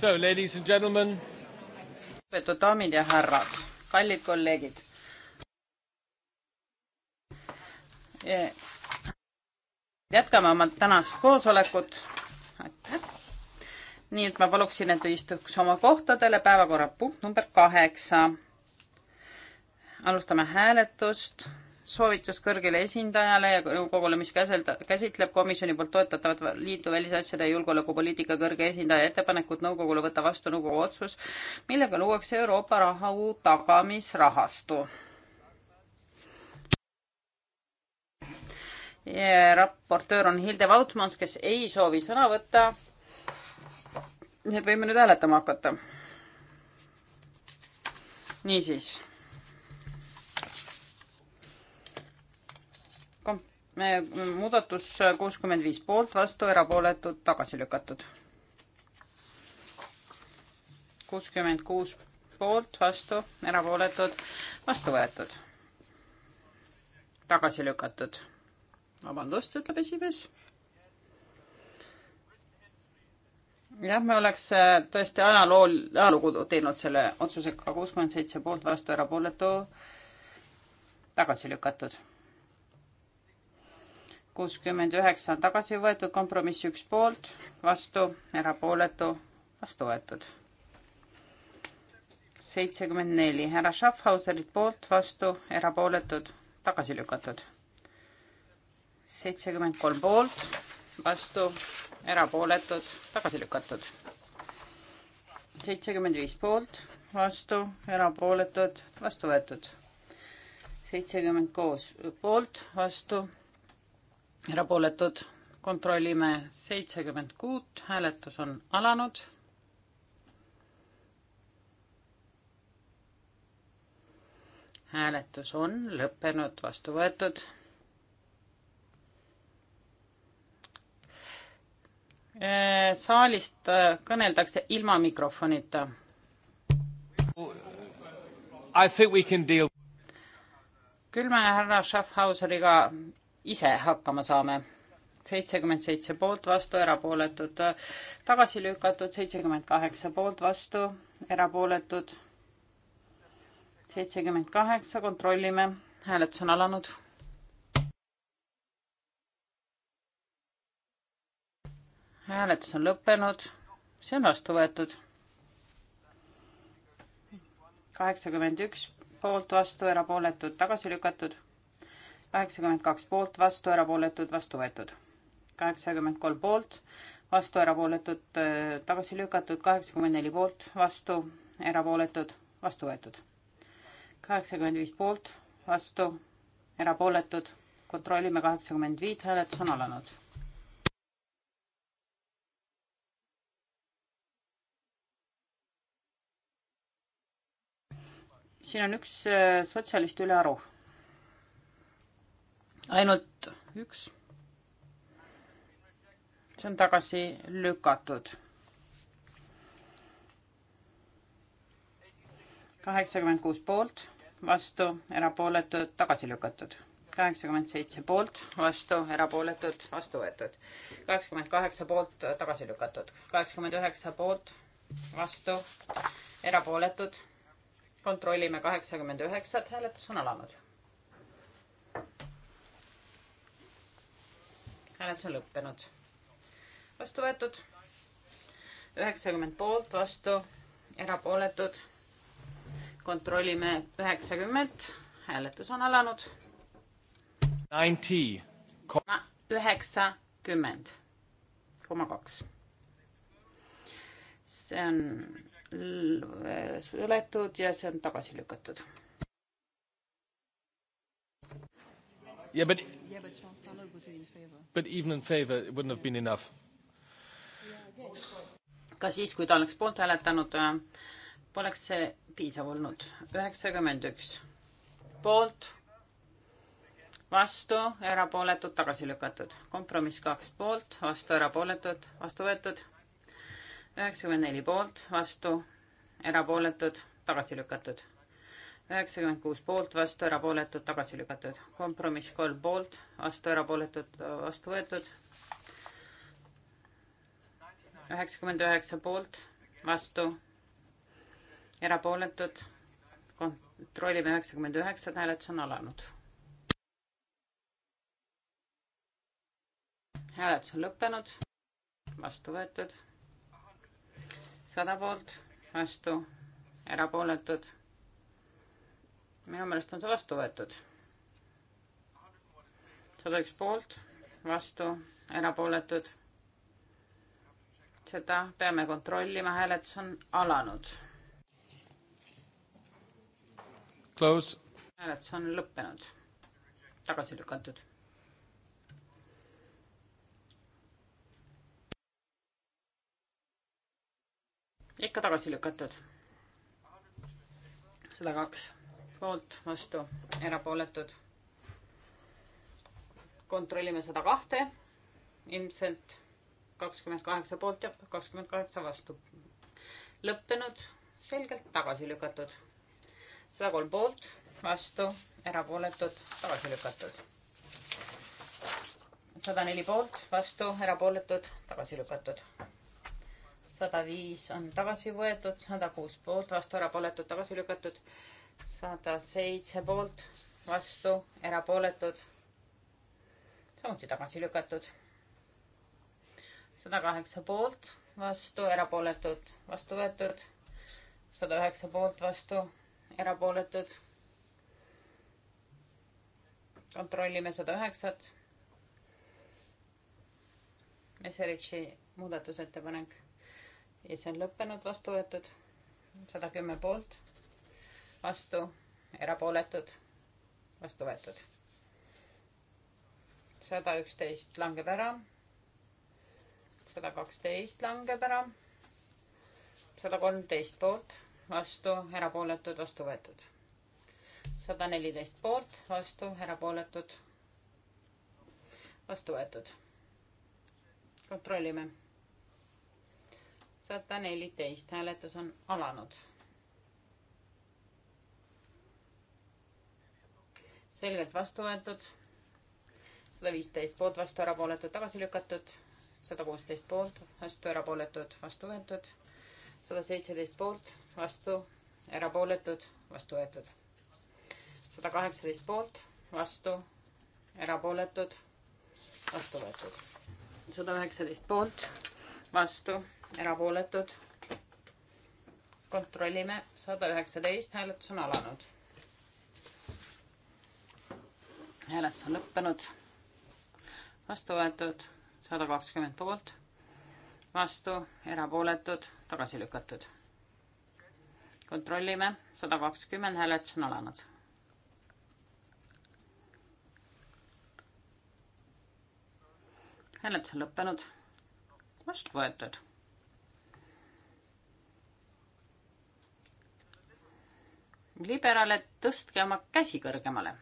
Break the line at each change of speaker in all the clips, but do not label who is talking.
So, ladies and gentlemen. lugupeetud daamid ja härrad, kallid kolleegid. jätkame oma tänast koosolekut. nii et ma paluksin, et istuks oma kohtadele, päevakorrapunkt number kaheksa. alustame hääletust soovitus kõrgele esindajale ja nõukogule, mis käselda, käsitleb komisjoni poolt toetatavat liidu välisasjade ja julgeolekupoliitika kõrge esindaja ettepanekut nõukogule võtta vastu nõukogu otsus, millega luuakse Euroopa rahu tagamisrahastu. raportöör on Hilde Vautmans, kes ei soovi sõna võtta. nii et võime nüüd hääletama hakata. niisiis muudatus kuuskümmend viis poolt, vastu, erapooletud, tagasi lükatud. kuuskümmend kuus poolt, vastu, erapooletud, vastu võetud. tagasi lükatud. vabandust, ütleb esimees. jah, me oleks äh, tõesti ajalool, ajalugu teinud selle otsusega kuuskümmend seitse poolt, vastu, erapooletu, tagasi lükatud kuuskümmend üheksa on tagasi võetud, kompromiss üks poolt, vastu, erapooletu, vastu võetud. seitsekümmend neli, härra Schaffhauserilt poolt, vastu, erapooletud, tagasi lükatud. seitsekümmend kolm poolt, vastu, erapooletud, tagasi lükatud. seitsekümmend viis poolt, vastu, erapooletud, vastu võetud. seitsekümmend kuus poolt, vastu erapooletud, kontrollime seitsekümmend kuut, hääletus on alanud. hääletus on lõppenud, vastu võetud. Äh, saalist äh, kõneldakse ilma mikrofonita. küll me härra Schaffhauseriga ise hakkama saame. seitsekümmend seitse poolt, vastu, erapooletud, tagasi lükatud, seitsekümmend kaheksa poolt, vastu, erapooletud, seitsekümmend kaheksa, kontrollime, hääletus on alanud. hääletus on lõppenud, see on vastu võetud. kaheksakümmend üks poolt, vastu, erapooletud, tagasi lükatud kaheksakümmend kaks poolt, vastu, erapooletud, vastu võetud. kaheksakümmend kolm poolt, vastu, erapooletud, tagasi lükatud, kaheksakümmend neli poolt, vastu, erapooletud, vastu võetud. kaheksakümmend viis poolt, vastu, erapooletud, kontrollime kaheksakümmend viit, hääletus on alanud. siin on üks äh, sotsialist ülearu ainult üks. see on tagasi lükatud. kaheksakümmend kuus poolt, vastu, erapooletud, tagasi lükatud kaheksakümmend seitse poolt, vastu, erapooletud, vastu võetud. kaheksakümmend kaheksa poolt, tagasi lükatud. kaheksakümmend üheksa poolt, vastu, erapooletud. kontrollime kaheksakümmend üheksat, hääletus on alanud hääletus on lõppenud. vastu võetud üheksakümmend poolt, vastu erapooletud. kontrollime üheksakümmend, hääletus on alanud. üheksakümmend koma kaks. see on suletud ja see on tagasi lükatud. Yeah, but Yeah, but Charles Sandler was in favor. But even in favor it wouldn't have been enough. ka siis, kui ta oleks poolt hääletanud, äh, poleks see piisav olnud. üheksakümmend üks poolt, vastu, erapooletud, tagasi lükatud. kompromiss kaks poolt, vastu, erapooletud, vastu võetud. üheksakümmend neli poolt, vastu, erapooletud, tagasi lükatud üheksakümmend kuus poolt, vastu, erapooletud, tagasi lükatud. kompromiss kolm poolt, vastu, erapooletud, vastu võetud. üheksakümmend üheksa poolt, vastu, erapooletud. kontrollime üheksakümmend üheksat, hääletus on alanud. hääletus on lõppenud, vastu võetud. sada poolt, vastu, erapooletud minu meelest on see vastu võetud. sada üks poolt, vastu, erapooletud. seda peame kontrollima, hääletus on alanud. Close. hääletus on lõppenud, tagasi lükatud ikka tagasi lükatud. sada kaks poolt, vastu, erapooletud. kontrollime sada kahte, ilmselt kakskümmend kaheksa poolt ja kakskümmend kaheksa vastu. lõppenud, selgelt tagasi lükatud. sada kolm poolt, vastu, erapooletud, tagasi lükatud. sada neli poolt, vastu, erapooletud, tagasi lükatud. sada viis on tagasi võetud, sada kuus poolt, vastu, erapooletud, tagasi lükatud sada seitse poolt, vastu, erapooletud, samuti tagasi lükatud. sada kaheksa poolt, vastu, erapooletud, vastu võetud. sada üheksa poolt, vastu, erapooletud. kontrollime sada üheksat. Meseritši muudatusettepanek ja see on lõppenud, vastu võetud sada kümme poolt vastu, erapooletud, vastu võetud. sada üksteist langeb ära. sada kaksteist langeb ära. sada kolmteist poolt, vastu, erapooletud, vastu võetud. sada neliteist poolt, vastu, erapooletud, vastu võetud. kontrollime sada neliteist hääletus on alanud selgelt vastu võetud, sada viisteist poolt, vastu, erapooletud, tagasi lükatud, sada kuusteist poolt, vastu, erapooletud, vastu võetud, sada seitseteist poolt, vastu, erapooletud, vastu võetud, sada kaheksateist poolt, vastu, erapooletud, vastu võetud, sada üheksateist poolt, vastu, erapooletud, kontrollime, sada üheksateist, hääletus on alanud hääletus on lõppenud. vastu võetud sada kakskümmend poolt, vastu erapooletud, tagasi lükatud. kontrollime, sada kakskümmend hääletus on alanud. hääletus on lõppenud, vastu võetud liberaalid, tõstke oma käsi kõrgemale.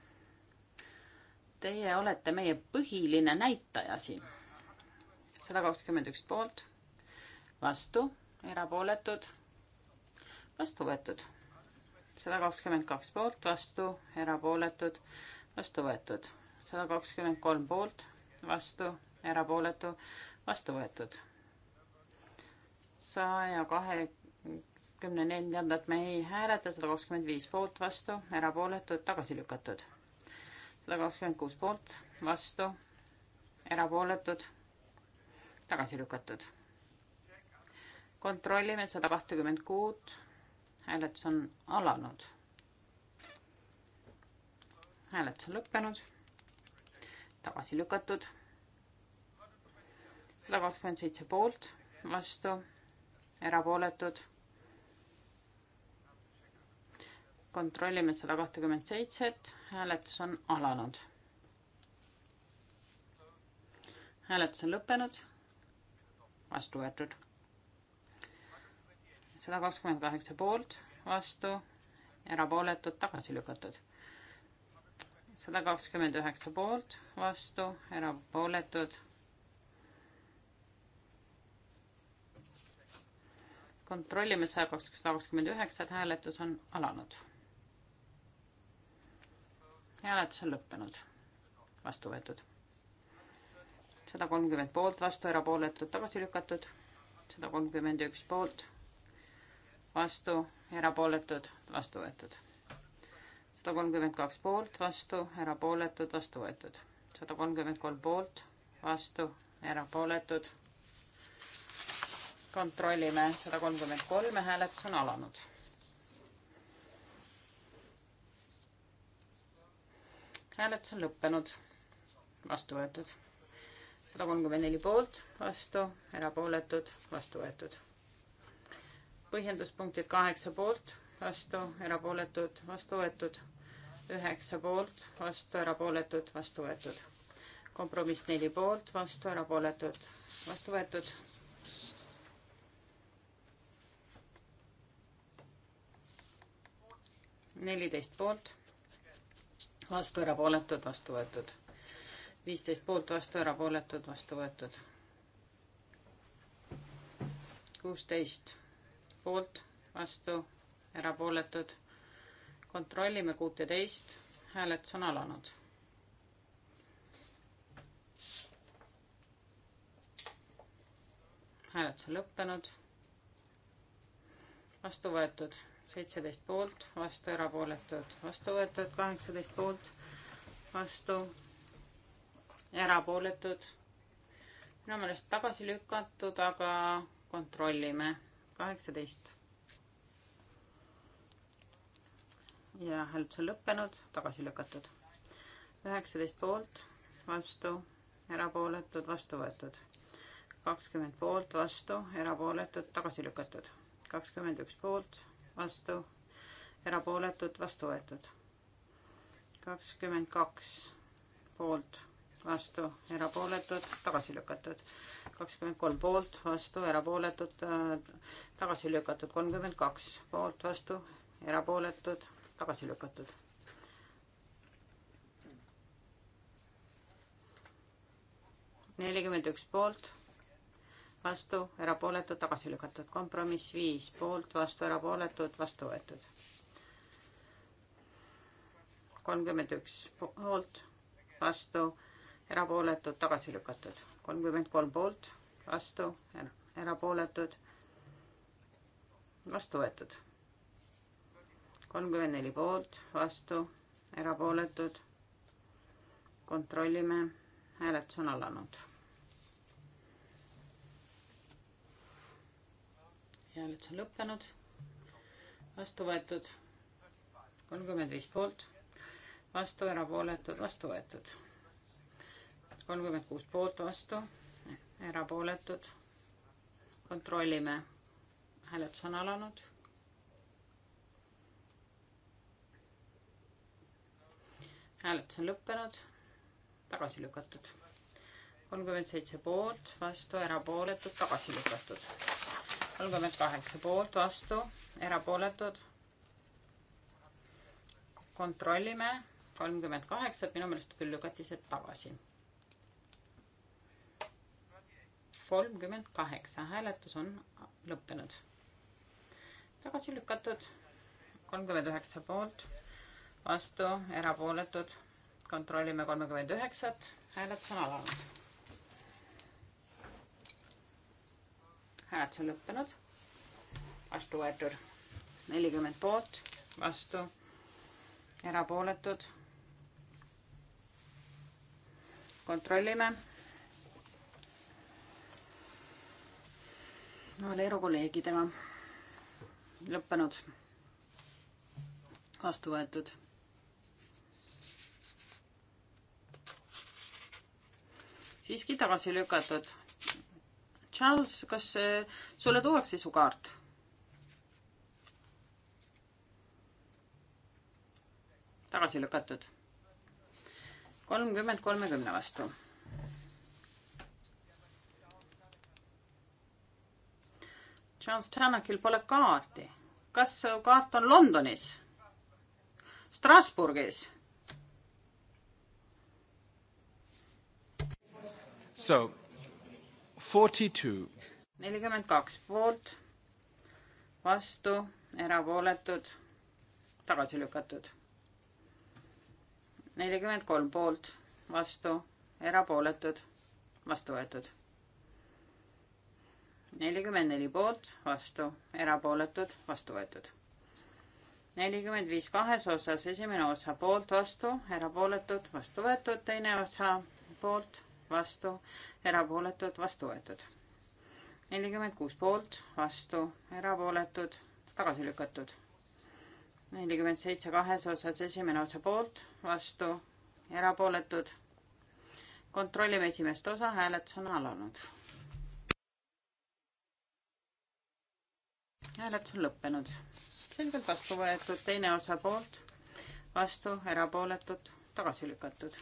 Teie olete meie põhiline näitaja siin. sada kakskümmend üks poolt, vastu, erapooletud, vastu võetud. sada kakskümmend kaks poolt, vastu, erapooletud, vastu võetud. sada kakskümmend kolm poolt, vastu, erapooletu, vastu võetud. saja kahe kümne neljandat me ei hääleta, sada kakskümmend viis poolt vastu, erapooletud, tagasi lükatud sada kakskümmend kuus poolt, vastu, erapooletud, tagasi lükatud. kontrollime sada kahtekümmend kuut. hääletus on alanud. hääletus on lõppenud, tagasi lükatud. sada kakskümmend seitse poolt, vastu, erapooletud kontrollime sada kahtekümmet seitset, hääletus on alanud. hääletus on lõppenud, vastu võetud. sada kakskümmend kaheksa poolt, vastu, erapooletud, tagasi lükatud. sada kakskümmend üheksa poolt, vastu, erapooletud. kontrollime saja kakskümmend üheksat, hääletus on alanud hääletus on lõppenud, vastu võetud. sada kolmkümmend poolt, vastu, erapooletud, tagasi lükatud. sada kolmkümmend üks poolt, vastu, erapooletud, vastu võetud. sada kolmkümmend kaks poolt, vastu, erapooletud, vastu võetud. sada kolmkümmend kolm poolt, vastu, erapooletud. kontrollime sada kolmkümmend kolme, hääletus on alanud hääletus on lõppenud, vastu võetud. sada kolmkümmend neli poolt, vastu, erapooletud, vastu võetud. põhjenduspunktid kaheksa poolt, vastu, erapooletud, vastu võetud. üheksa poolt, vastu, erapooletud, vastu võetud. kompromiss neli poolt, vastu, erapooletud, vastu võetud. neliteist poolt vastu, erapooletud, vastu võetud. viisteist poolt, vastu, erapooletud, vastu võetud. kuusteist poolt, vastu, erapooletud. kontrollime kuuteteist, hääletus on alanud. hääletus on lõppenud. vastu võetud seitseteist poolt, vastu erapooletud, vastu võetud kaheksateist poolt, vastu erapooletud. minu meelest tagasi lükatud, aga kontrollime. kaheksateist. ja hääletus on lõppenud, tagasi lükatud. üheksateist poolt, vastu, erapooletud, vastu võetud kakskümmend poolt, vastu, erapooletud, tagasi lükatud. kakskümmend üks poolt, vastu, erapooletud, vastu võetud. kakskümmend kaks poolt, vastu, erapooletud, tagasi lükatud. kakskümmend kolm poolt, vastu, erapooletud, tagasi lükatud. kolmkümmend kaks poolt, vastu, erapooletud, tagasi lükatud nelikümmend üks poolt, vastu, erapooletud, tagasi lükatud. kompromiss viis poolt, vastu, erapooletud, vastu võetud. kolmkümmend üks poolt, vastu, erapooletud, tagasi lükatud. kolmkümmend kolm poolt, vastu, er-, erapooletud, vastu võetud. kolmkümmend neli poolt, vastu, erapooletud. kontrollime, hääletus on alanud hääletus on lõppenud. vastu võetud kolmkümmend viis poolt, vastu erapooletud, vastu võetud kolmkümmend kuus poolt, vastu erapooletud. kontrollime, hääletus on alanud hääletus on lõppenud, tagasi lükatud. kolmkümmend seitse poolt, vastu, erapooletud, tagasi lükatud kolmkümmend kaheksa poolt, vastu, erapooletud. kontrollime kolmkümmend kaheksat, minu meelest küll lükati see tagasi. kolmkümmend kaheksa, hääletus on lõppenud. tagasi lükatud, kolmkümmend üheksa poolt, vastu, erapooletud. kontrollime kolmekümmend üheksat, hääletus on alanud hääletus on lõppenud. vastu võetud nelikümmend poolt, vastu, erapooletud. kontrollime. Valero kolleegidega lõppenud, vastu võetud siiski tagasi lükatud. Charles, kas eh, sulle tuuakse su kaart? tagasi lükatud. kolmkümmend kolmekümne vastu. Charles Tanakil pole kaarti. kas su kaart on Londonis? Strasbourgis? So nelikümmend kaks poolt, vastu, erapooletud, tagasi lükatud. nelikümmend kolm poolt, vastu, erapooletud, vastu võetud. nelikümmend neli poolt, vastu, erapooletud, vastu võetud nelikümmend viis kahes osas, esimene osa poolt, vastu, erapooletud, vastu võetud, teine osa poolt, vastu, erapooletud, vastu võetud. nelikümmend kuus poolt, vastu, erapooletud, tagasi lükatud. nelikümmend seitse kahes osas, esimene osa poolt, vastu, erapooletud. kontrollime esimest osa, hääletus on alanud. hääletus on lõppenud. selgelt vastu võetud, teine osa poolt, vastu, erapooletud, tagasi lükatud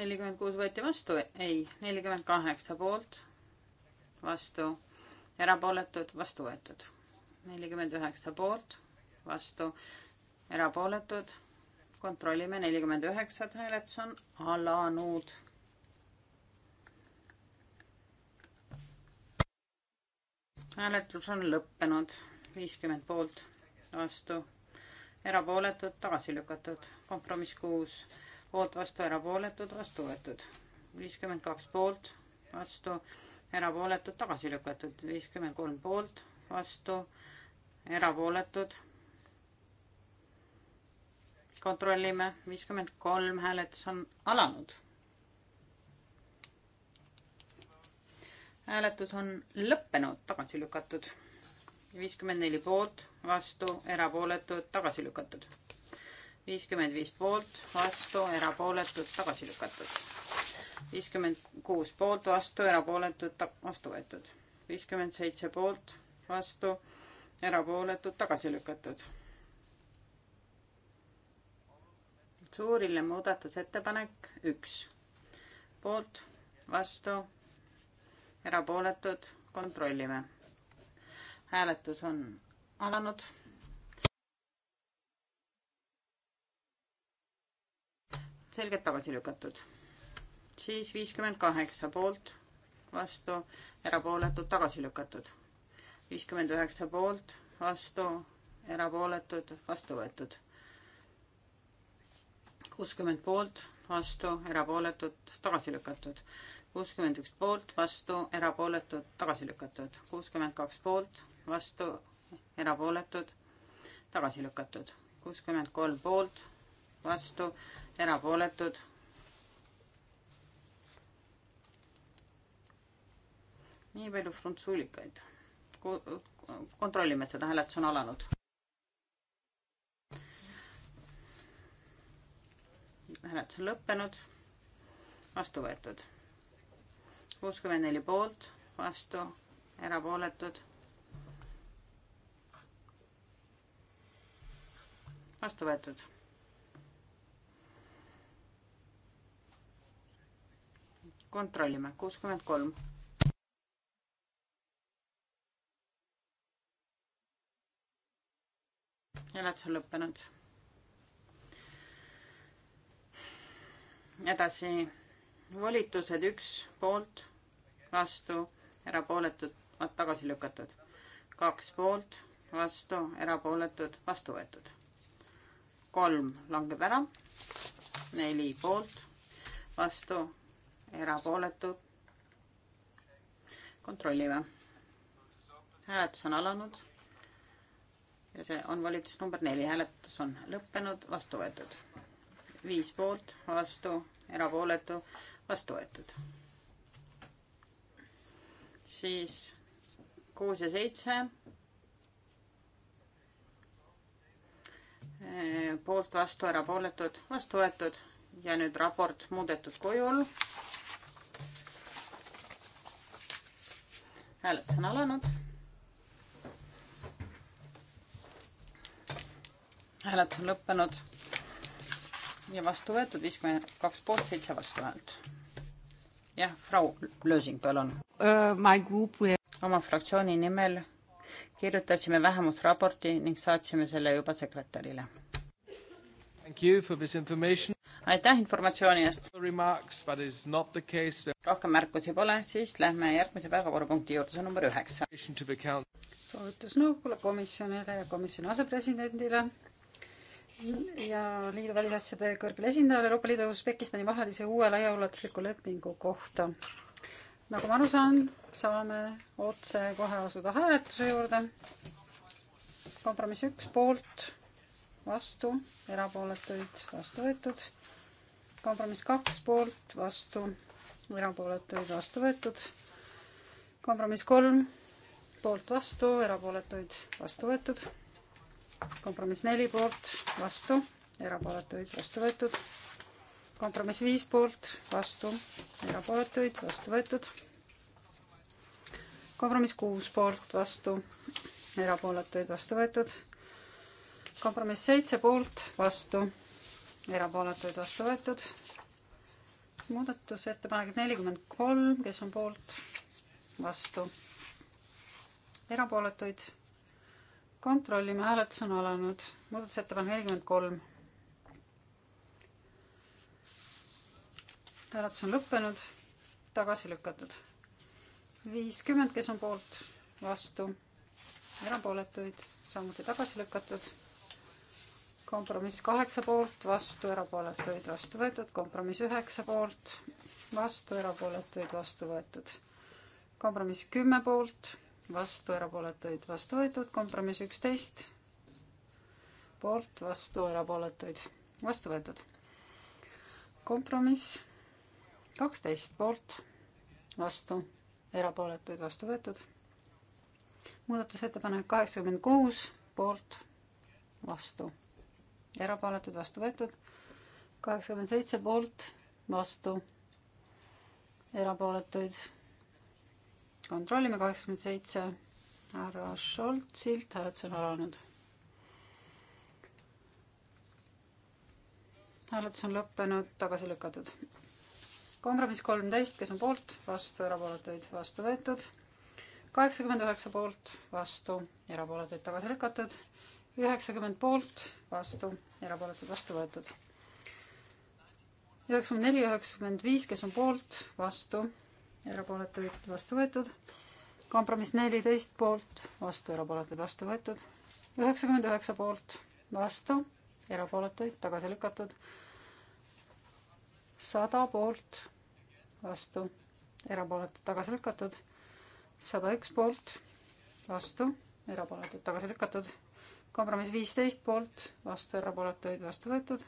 nelikümmend kuus võeti vastu, ei, nelikümmend kaheksa poolt, vastu, erapooletud, vastu võetud. nelikümmend üheksa poolt, vastu, erapooletud, kontrollime, nelikümmend üheksat hääletus on alanud. hääletus on lõppenud, viiskümmend poolt, vastu, erapooletud, tagasi lükatud, kompromiss kuus poolt, vastu, erapooletud, vastu võetud. viiskümmend kaks poolt, vastu, erapooletud, tagasi lükatud. viiskümmend kolm poolt, vastu, erapooletud. kontrollime, viiskümmend kolm hääletus on alanud. hääletus on lõppenud, tagasi lükatud. viiskümmend neli poolt, vastu, erapooletud, tagasi lükatud viiskümmend viis poolt, vastu, erapooletud, tagasi lükatud. viiskümmend kuus poolt, vastu, erapooletud, vastu võetud. viiskümmend seitse poolt, vastu, erapooletud, tagasi lükatud. suuriline muudatusettepanek üks, poolt, vastu, erapooletud, kontrollime. hääletus on alanud selgelt tagasi lükatud. siis viiskümmend kaheksa poolt, vastu, erapooletud, tagasi lükatud. viiskümmend üheksa poolt, vastu, erapooletud, vastu võetud. kuuskümmend poolt, vastu, erapooletud, tagasi lükatud. kuuskümmend üks poolt, vastu, erapooletud, tagasi lükatud. kuuskümmend kaks poolt, vastu, erapooletud, tagasi lükatud. kuuskümmend kolm poolt, vastu, erapooletud. nii palju frantsuulikaid. kontrollime seda, hääletus on alanud. hääletus on lõppenud, vastu võetud. kuuskümmend neli poolt, vastu, erapooletud vastu võetud kontrollime, kuuskümmend kolm. hääletus on lõppenud. edasi volitused üks poolt, vastu, erapooletud, tagasi lükatud. kaks poolt, vastu, erapooletud, vastu võetud. kolm langeb ära, neli poolt, vastu, erapooletu. kontrollime. hääletus on alanud. ja see on volitus number neli, hääletus on lõppenud, vastu võetud. viis poolt, vastu, erapooletu, vastu võetud. siis kuus ja seitse. poolt, vastu, erapooletud, vastu võetud ja nüüd raport muudetud kujul hääletus on alanud. hääletus on lõppenud ja vastu võetud viiskümmend kaks poolt, seitse vastuhäält. jah, Frau Lösing, palun uh,. oma fraktsiooni nimel kirjutasime vähemusraporti ning saatsime selle juba sekretärile. aitäh informatsiooni eest rohkem märkusi pole, siis lähme järgmise päevakorrapunkti juurde, see on number üheksa. soovitus nõukogule, komisjonile ja komisjoni asepresidendile ja liidu välisasjade kõrgele esindajale Euroopa Liidu ja Usbekistani vahelise uue laiaulatusliku lepingu kohta. nagu ma aru saan, saame otsekohe asuda hääletuse juurde. kompromiss üks poolt, vastu, erapooletuid vastu võetud kompromiss kaks poolt, vastu, erapooletuid vastu võetud. kompromiss kolm, poolt vastu, erapooletuid vastu võetud. kompromiss neli poolt vastu, erapooletuid vastu võetud. kompromiss viis poolt vastu, erapooletuid vastu võetud. kompromiss kuus poolt vastu, erapooletuid vastu võetud. kompromiss seitse poolt vastu, erapooletuid vastu võetud muudatusettepanekud nelikümmend kolm, kes on poolt, vastu, erapooletuid. kontrollime, hääletus on alanud, muudatusettepanek nelikümmend kolm. hääletus on lõppenud, tagasi lükatud. viiskümmend, kes on poolt, vastu, erapooletuid, samuti tagasi lükatud kompromiss kaheksa poolt, vastu, erapooletuid, vastu võetud, kompromiss üheksa poolt, vastu, erapooletuid, vastu võetud. kompromiss kümme poolt, vastu, erapooletuid, vastu võetud, kompromiss üksteist poolt, vastu, erapooletuid, vastu võetud. kompromiss kaksteist poolt, vastu, erapooletuid, vastu võetud. muudatusettepanek kaheksakümmend kuus poolt, vastu erapooletud, vastu võetud. kaheksakümmend seitse poolt, vastu, erapooletuid. kontrollime kaheksakümmend seitse härra Scholzilt, hääletus on alanud. hääletus on lõppenud, tagasi lükatud. kompromiss kolmteist, kes on poolt, vastu, erapooletuid, vastu võetud kaheksakümmend üheksa poolt, vastu, erapooletuid tagasi lükatud üheksakümmend poolt, vastu, erapooletud, vastu võetud. üheksakümmend neli, üheksakümmend viis, kes on poolt, vastu, erapooletuid, vastu võetud. kompromiss neliteist poolt, vastu, erapooletuid, vastu võetud. üheksakümmend üheksa poolt, vastu, erapooletuid, tagasi lükatud. sada poolt, vastu, erapooletud, tagasi lükatud. sada üks poolt, vastu, erapooletud, tagasi lükatud kompromiss viisteist poolt, vastu erapooletuid, vastu võetud.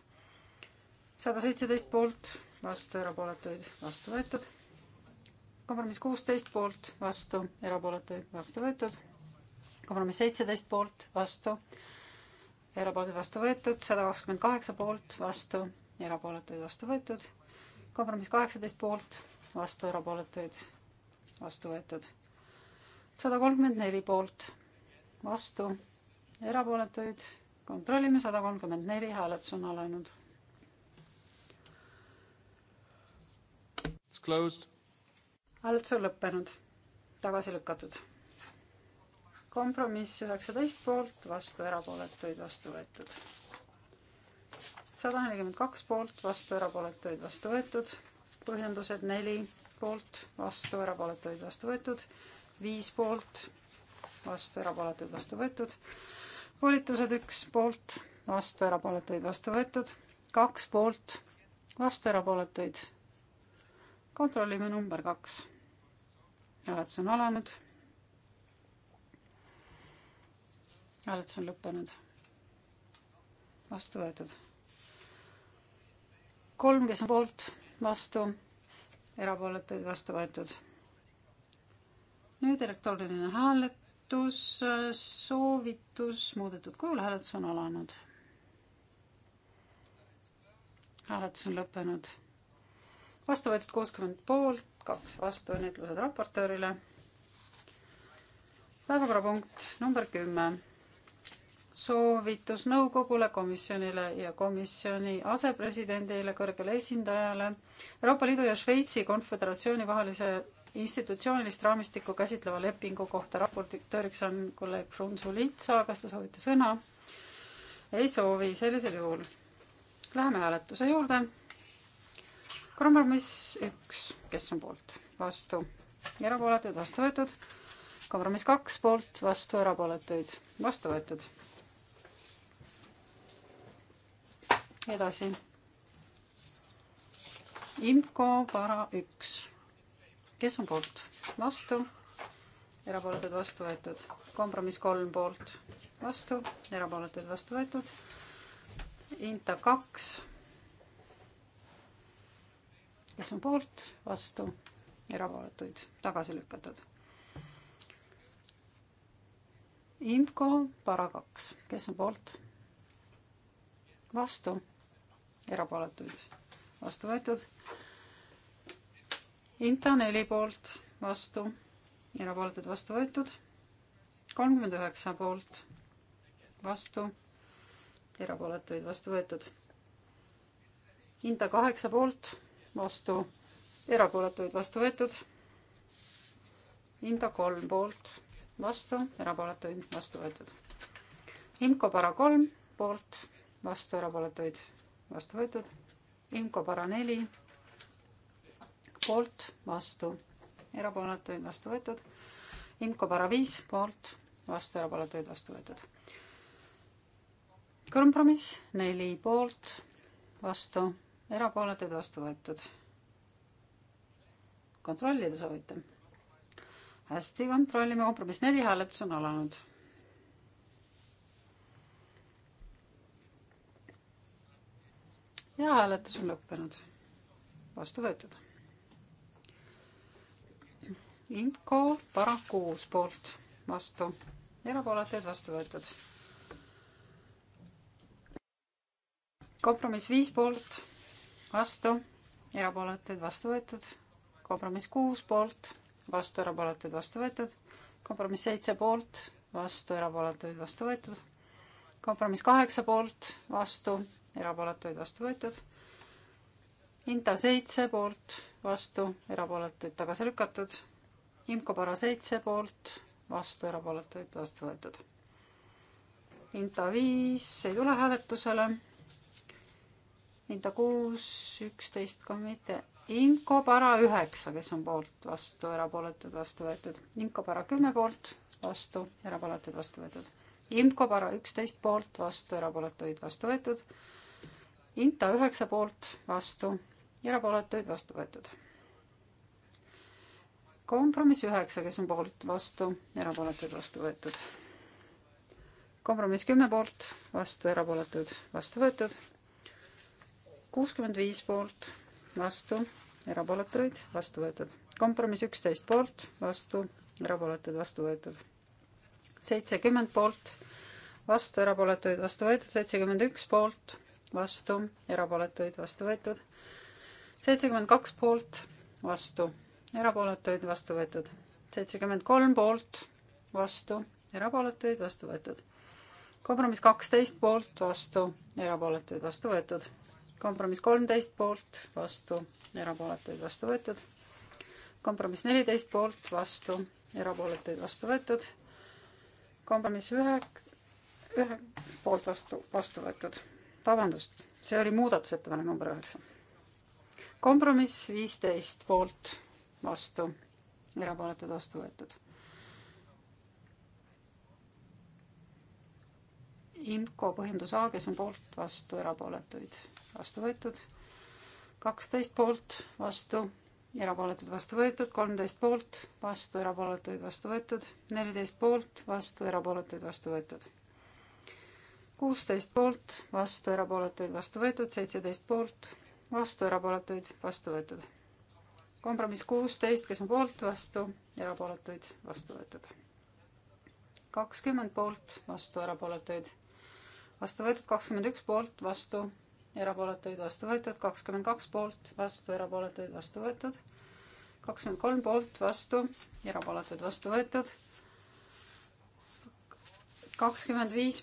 sada seitseteist poolt, vastu erapooletuid, vastu võetud. kompromiss kuusteist poolt, vastu erapooletuid, vastu võetud. kompromiss seitseteist poolt, vastu erapooletuid, vastu võetud. sada kakskümmend kaheksa poolt, vastu erapooletuid, vastu võetud. kompromiss kaheksateist poolt, vastu erapooletuid, vastu võetud. sada kolmkümmend neli poolt, vastu erapooletuid kontrollime, sada kolmkümmend neli hääletus on alanud. hääletus on lõppenud, tagasi lükatud. kompromiss üheksateist poolt, vastu erapooletuid, vastu võetud. sada nelikümmend kaks poolt, vastu erapooletuid, vastu võetud. põhjendused neli poolt, vastu erapooletuid, vastu võetud. viis poolt, vastu erapooletuid, vastu võetud volitused üks poolt, vastu, erapooletuid, vastu võetud, kaks poolt, vastu, erapooletuid. kontrollime number kaks. hääletus on alanud. hääletus on lõppenud. vastu võetud. kolm, kes on poolt, vastu, erapooletuid, vastu võetud nüüd elektrooniline hääletus hääletus, soovitus muudetud kujul, hääletus on alanud. hääletus on lõppenud. vastu võetud kuuskümmend poolt, kaks vastu, õnnitlused raportöörile. päevakorrapunkt number kümme. soovitus nõukogule, komisjonile ja komisjoni asepresidendile, kõrgele esindajale Euroopa Liidu ja Šveitsi Konföderatsiooni vahelise institutsioonilist raamistikku käsitleva lepingu kohta. raportööriks on kolleeg Frunzulitsa, kas te soovite sõna? ei soovi, sellisel juhul läheme hääletuse juurde. kompromiss üks, kes on poolt, vastu, erapooletud, vastu võetud. kompromiss kaks poolt, vastu, erapooletuid, vastu võetud. edasi. Imko para üks kes on poolt? vastu, erapooletud, vastu võetud. kompromiss kolm poolt, vastu, erapooletud, vastu võetud. Inta kaks. kes on poolt, vastu, erapooletuid, tagasi lükatud IMCO para kaks, kes on poolt? vastu, erapooletuid, vastu võetud. Inta neli poolt, vastu, erapooletud vastu võetud. kolmkümmend üheksa poolt, vastu, erapooletuid vastu võetud. Inta kaheksa poolt, vastu, erapooletuid vastu võetud. Inta kolm poolt, vastu, erapooletuid vastu võetud. Imko para kolm poolt, vastu, erapooletuid vastu võetud. Imko para neli poolt, vastu, erapooletuid vastu võetud. Imko para viis poolt, vastu, erapooletuid vastu võetud. kompromiss neli poolt, vastu, erapooletuid vastu võetud. kontrollida soovite? hästi, kontrollime, kompromiss neli, hääletus on alanud ja hääletus on lõppenud. vastu võetud. Inko paraku kuus poolt vastu, erapooletuid vastu võetud. kompromiss viis poolt vastu, erapooletuid vastu võetud. kompromiss kuus poolt vastu, erapooletuid vastu võetud. kompromiss seitse poolt vastu, erapooletuid vastu võetud. kompromiss kaheksa poolt vastu, erapooletuid vastu võetud Inta seitse poolt, vastu, erapooletuid tagasi lükatud. Imko para seitse poolt, vastu erapooletuid vastu võetud. Inta viis ei tule hääletusele. Inta kuus, üksteist komitee. Imko para üheksa, kes on poolt, vastu erapooletuid vastu võetud. Imko para kümme poolt, vastu erapooletuid vastu võetud. Imko para üksteist poolt, vastu erapooletuid vastu võetud. Inta üheksa poolt, vastu erapooletuid vastu võetud kompromiss üheksa, kes on poolt, vastu, erapooletud, vastu võetud. kompromiss kümme poolt, vastu, erapooletud, vastu võetud. kuuskümmend viis poolt, vastu, erapooletuid, vastu võetud. kompromiss üksteist poolt, vastu, erapooletud, vastu võetud. seitsekümmend poolt, vastu, erapooletuid, vastu võetud, seitsekümmend üks poolt, vastu, erapooletuid, vastu võetud. seitsekümmend kaks poolt, vastu erapooletuid vastu võetud. seitsekümmend kolm poolt, vastu, erapooletuid vastu võetud. kompromiss kaksteist poolt, vastu, erapooletuid vastu võetud. kompromiss kolmteist poolt, vastu, erapooletuid vastu võetud. kompromiss neliteist poolt, vastu, erapooletuid vastu võetud. kompromiss ühe, ühe poolt vastu, vastu võetud. vabandust, see oli muudatusettepanek number üheksa. kompromiss viisteist poolt vastu, erapooletud vastu võetud. IMCO põhjendus A, kes on poolt, vastu, erapooletuid vastu võetud. kaksteist poolt, vastu, erapooletud vastu võetud, kolmteist poolt, vastu, erapooletuid vastu võetud, neliteist poolt, vastu, erapooletuid vastu võetud. kuusteist poolt, vastu, erapooletuid vastu võetud, seitseteist poolt, vastu, erapooletuid vastu võetud kompromiss kuusteist, kes on poolt, vastu, erapooletuid, vastu võetud. kakskümmend poolt, vastu, erapooletuid, vastu võetud, kakskümmend üks poolt, vastu, erapooletuid, vastu võetud, kakskümmend kaks poolt, vastu, erapooletuid, vastu võetud, kakskümmend kolm poolt, vastu, erapooletuid, vastu võetud, kakskümmend viis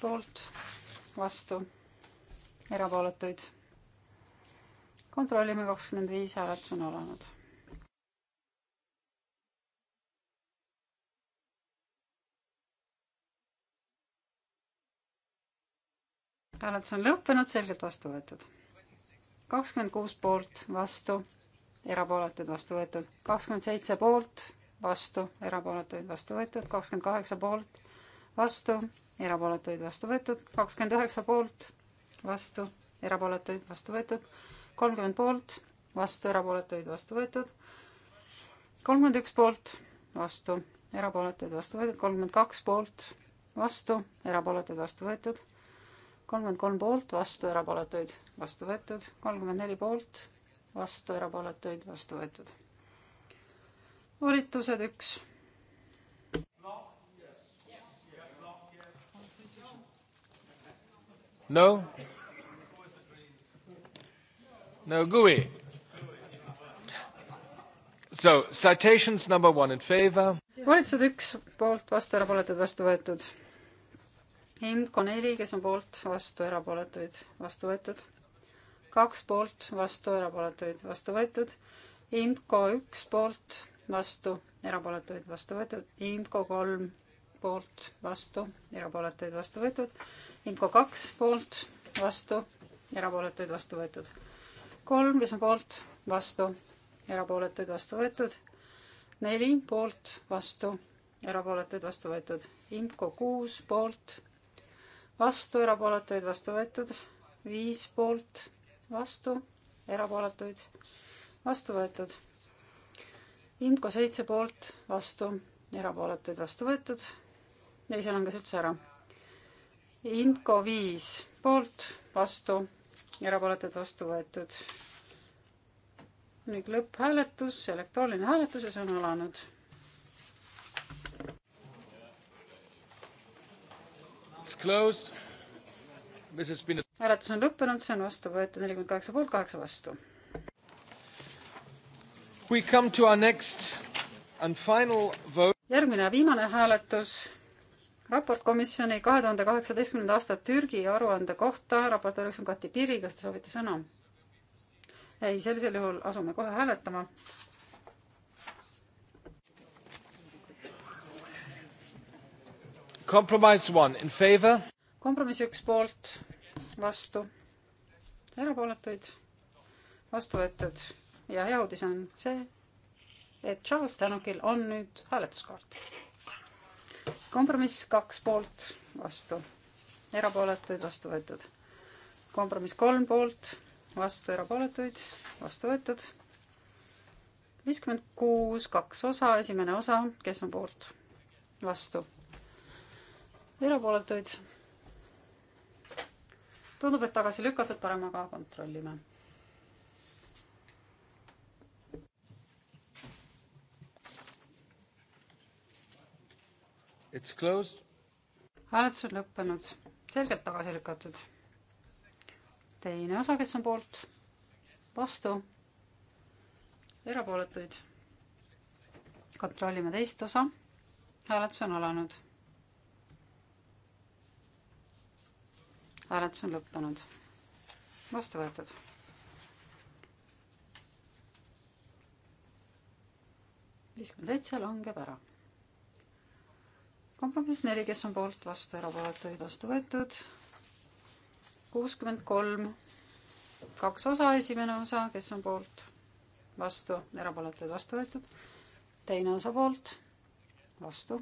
poolt, vastu, erapooletuid kontrollime, kakskümmend viis hääletus on alanud. hääletus on lõppenud, selgelt vastu võetud. kakskümmend kuus poolt, vastu, erapooletuid vastu võetud, kakskümmend seitse poolt, vastu, erapooletuid vastu võetud, kakskümmend kaheksa poolt, vastu, erapooletuid vastu võetud, kakskümmend üheksa poolt, vastu, erapooletuid vastu võetud, kolmkümmend poolt, vastu, erapooletuid vastu võetud. kolmkümmend üks poolt, vastu, erapooletuid vastu võetud, kolmkümmend kaks poolt, vastu, erapooletuid vastu võetud. kolmkümmend kolm poolt, vastu, erapooletuid vastu võetud, kolmkümmend neli poolt, vastu, erapooletuid vastu võetud. volitused üks No? No, GUI. So citations number one in favor. valitsused üks poolt, vastu, erapooletud, vastu võetud. Imko neli, kes on poolt, vastu, erapooletuid, vastu võetud. kaks poolt, vastu, erapooletuid, vastu võetud. Imko üks poolt, vastu, erapooletuid, vastu võetud. Imko kolm poolt, vastu, erapooletuid, vastu võetud. Imko kaks poolt, vastu, erapooletuid, vastu võetud kolm, kes on poolt, vastu, erapooletuid vastu võetud. neli poolt, vastu, erapooletuid vastu võetud. IMCO kuus poolt, vastu, erapooletuid vastu võetud. viis poolt, vastu, erapooletuid vastu võetud. IMCO seitse poolt, vastu, erapooletuid vastu võetud. ei, see langes üldse ära. IMCO viis poolt, vastu erapooletud vastu võetud. nüüd lõpphääletus, elektrooniline hääletus ja see on alanud. hääletus on lõppenud, see on vastu võetud nelikümmend kaheksa poolt, kaheksa vastu. järgmine ja viimane hääletus raport komisjoni kahe tuhande kaheksateistkümnenda aasta Türgi aruande kohta, raportööriks on Kati Piri, kas te soovite sõna? ei, sellisel juhul asume kohe hääletama. Compromise one in favor. kompromiss üks poolt, vastu, erapooletuid, vastu võetud ja hea uudis on see, et Charles Tänukil on nüüd hääletuskaart kompromiss kaks poolt, vastu, erapooletuid, vastu võetud. kompromiss kolm poolt, vastu, erapooletuid, vastu võetud. viiskümmend kuus, kaks osa, esimene osa, kes on poolt, vastu, erapooletuid. tundub, et tagasi lükatud, parem aga kontrollime hääletus on lõppenud, selgelt tagasi lükatud. teine osa, kes on poolt, vastu, erapooletuid. kontrollime teist osa. hääletus on alanud. hääletus on lõppenud, vastu võetud viiskümmend seitse langeb ära kompromiss neli, kes on poolt, vastu, erapooletuid, vastu võetud. kuuskümmend kolm, kaks osa, esimene osa, kes on poolt, vastu, erapooletuid, vastu võetud. teine osa poolt, vastu,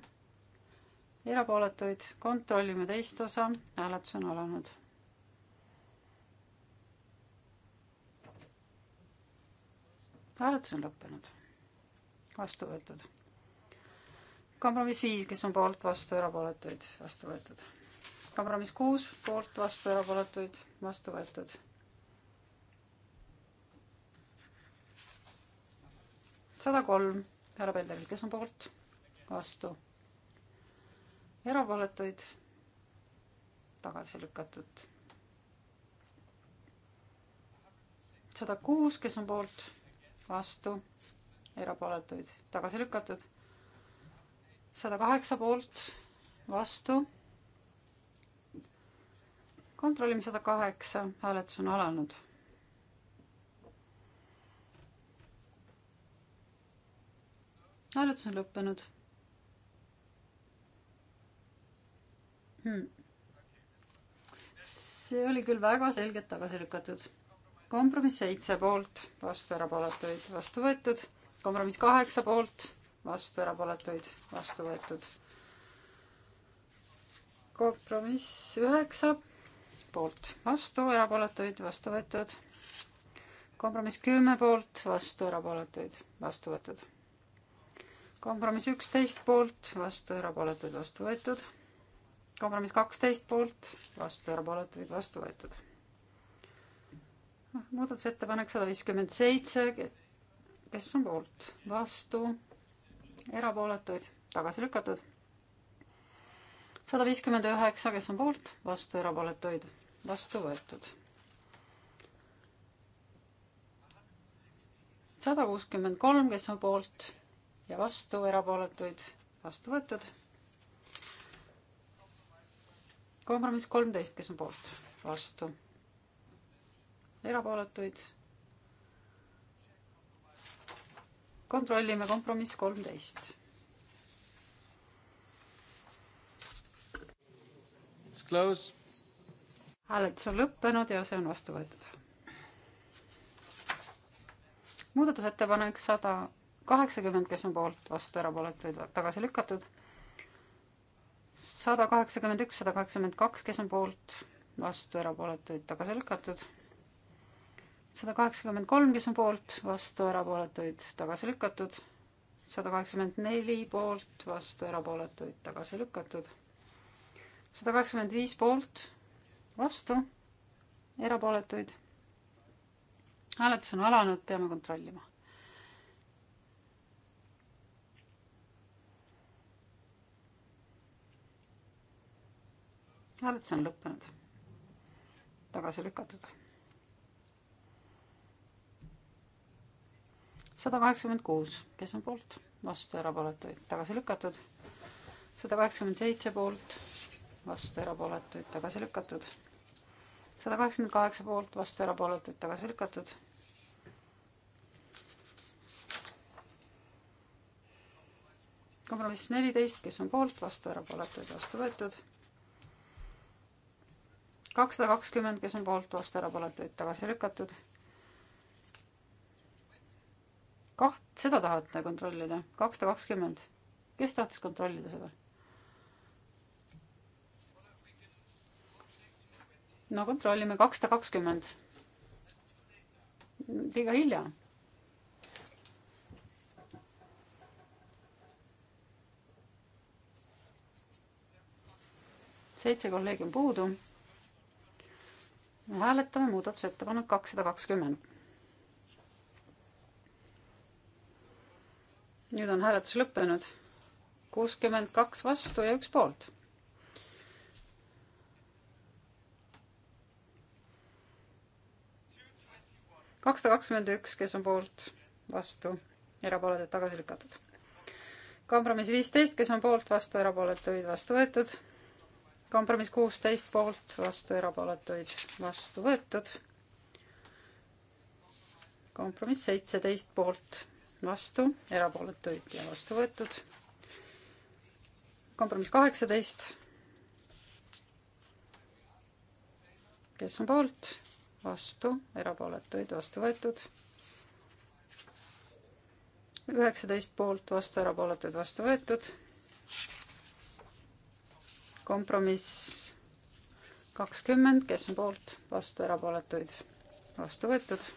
erapooletuid, kontrollime teist osa, hääletus on alanud hääletus on lõppenud, vastu võetud kompromiss viis, kes on poolt, vastu, erapooletuid, vastu võetud. kompromiss kuus, poolt, vastu, erapooletuid, vastu võetud. sada kolm, härra Pelderil, kes on poolt, vastu, erapooletuid, tagasi lükatud. sada kuus, kes on poolt, vastu, erapooletuid, tagasi lükatud sada kaheksa poolt, vastu. kontrollime sada kaheksa, hääletus on alanud. hääletus on lõppenud hmm.. see oli küll väga selgelt tagasi lükatud. kompromiss seitse poolt, vastu erapooletuid, vastu võetud. kompromiss kaheksa poolt vastu, erapooletuid vastu võetud. kompromiss üheksa, poolt, vastu, erapooletuid vastu võetud. kompromiss kümme poolt, vastu, erapooletuid vastu võetud. kompromiss üksteist poolt, vastu, erapooletuid vastu võetud. kompromiss kaksteist poolt, vastu, erapooletuid vastu võetud. muudatusettepanek sada viiskümmend seitse, kes on poolt, vastu erapooletuid, tagasi lükatud. sada viiskümmend üheksa, kes on poolt, vastu erapooletuid, vastu võetud. sada kuuskümmend kolm, kes on poolt ja vastu erapooletuid, vastu võetud. kompromiss kolmteist, kes on poolt, vastu erapooletuid kontrollime kompromiss kolmteist. hääletus on lõppenud ja see on vastu võetud. muudatusettepanek sada kaheksakümmend, kes on poolt, vastu, erapooletuid tagasi lükatud. sada kaheksakümmend üks, sada kaheksakümmend kaks, kes on poolt, vastu, erapooletuid tagasi lükatud sada kaheksakümmend kolm, kes on poolt, vastu, erapooletuid, tagasi lükatud. sada kaheksakümmend neli poolt, vastu, erapooletuid, tagasi lükatud. sada kaheksakümmend viis poolt, vastu, erapooletuid. hääletus on alanud, peame kontrollima. hääletus on lõppenud, tagasi lükatud sada kaheksakümmend kuus, kes on poolt, vastu, erapooletuid, tagasi lükatud. sada kaheksakümmend seitse poolt, vastu, erapooletuid, tagasi lükatud. sada kaheksakümmend kaheksa poolt, vastu, erapooletuid, tagasi lükatud. kompromiss neliteist, kes on poolt, vastu, erapooletuid, vastu võetud kakssada kakskümmend, kes on poolt, vastu, erapooletuid, tagasi lükatud kaht, seda tahate kontrollida, kakssada kakskümmend. kes tahtis kontrollida seda? no kontrollime kakssada kakskümmend. liiga hilja. seitse kolleegi on puudu. hääletame muudatusettepanek kakssada kakskümmend nüüd on hääletus lõppenud. kuuskümmend kaks vastu ja üks poolt. kakssada kakskümmend üks, kes on poolt, vastu, erapooletud, tagasi lükatud. kompromiss viisteist, kes on poolt, vastu, erapooletuid, vastu võetud. kompromiss kuusteist, poolt, vastu, erapooletuid, vastu võetud. kompromiss seitseteist, poolt vastu, erapooletuid ja vastu võetud. kompromiss kaheksateist. kes on poolt, vastu, erapooletuid, vastu võetud. üheksateist poolt, vastu, erapooletuid, vastu võetud. kompromiss kakskümmend, kes on poolt, vastu, erapooletuid, vastu võetud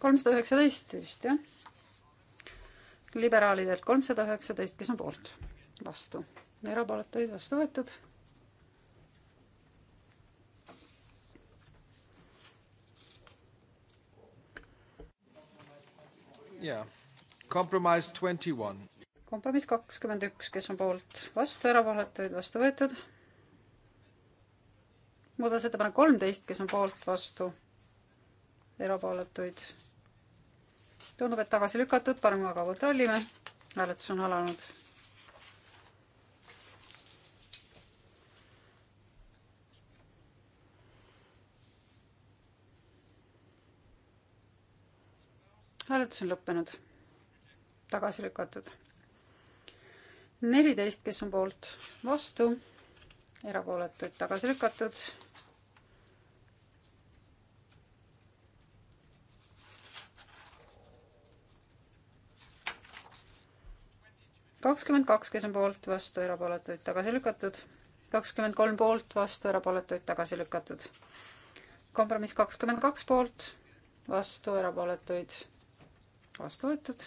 kolmsada üheksateist vist, jah? liberaalidelt kolmsada üheksateist, kes on poolt? vastu. erapooletuid vastu võetud. jaa. Compromise twenty one. kompromiss kakskümmend üks, kes on poolt? vastu, erapooletuid vastu võetud. muudatusettepanek kolmteist, kes on poolt, vastu? erapooletuid tundub, et tagasi lükatud, parem aga kontrollime. hääletus on alanud. hääletus on lõppenud, tagasi lükatud. neliteist, kes on poolt, vastu, erapooletuid tagasi lükatud kakskümmend kaks, kes on poolt, vastu, erapooletuid tagasi lükatud. kakskümmend kolm poolt, vastu, erapooletuid tagasi lükatud. kompromiss kakskümmend kaks poolt, vastu, erapooletuid vastu võetud.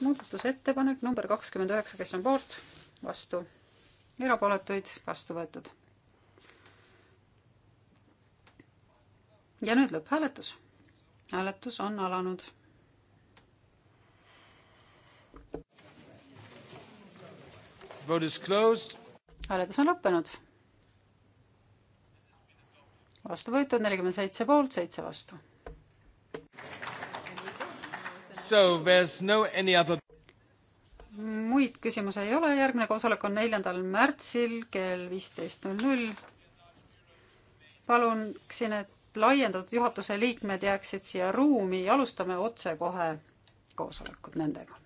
muudatusettepanek number kakskümmend üheksa, kes on poolt, vastu, erapooletuid vastu võetud. ja nüüd lõpphääletus. hääletus on alanud hääletus on lõppenud. vastu võetud nelikümmend seitse poolt, seitse vastu. No other... muid küsimusi ei ole, järgmine koosolek on neljandal märtsil kell viisteist null null. paluksin, et laiendatud juhatuse liikmed jääksid siia ruumi, alustame otsekohe koosolekut nendega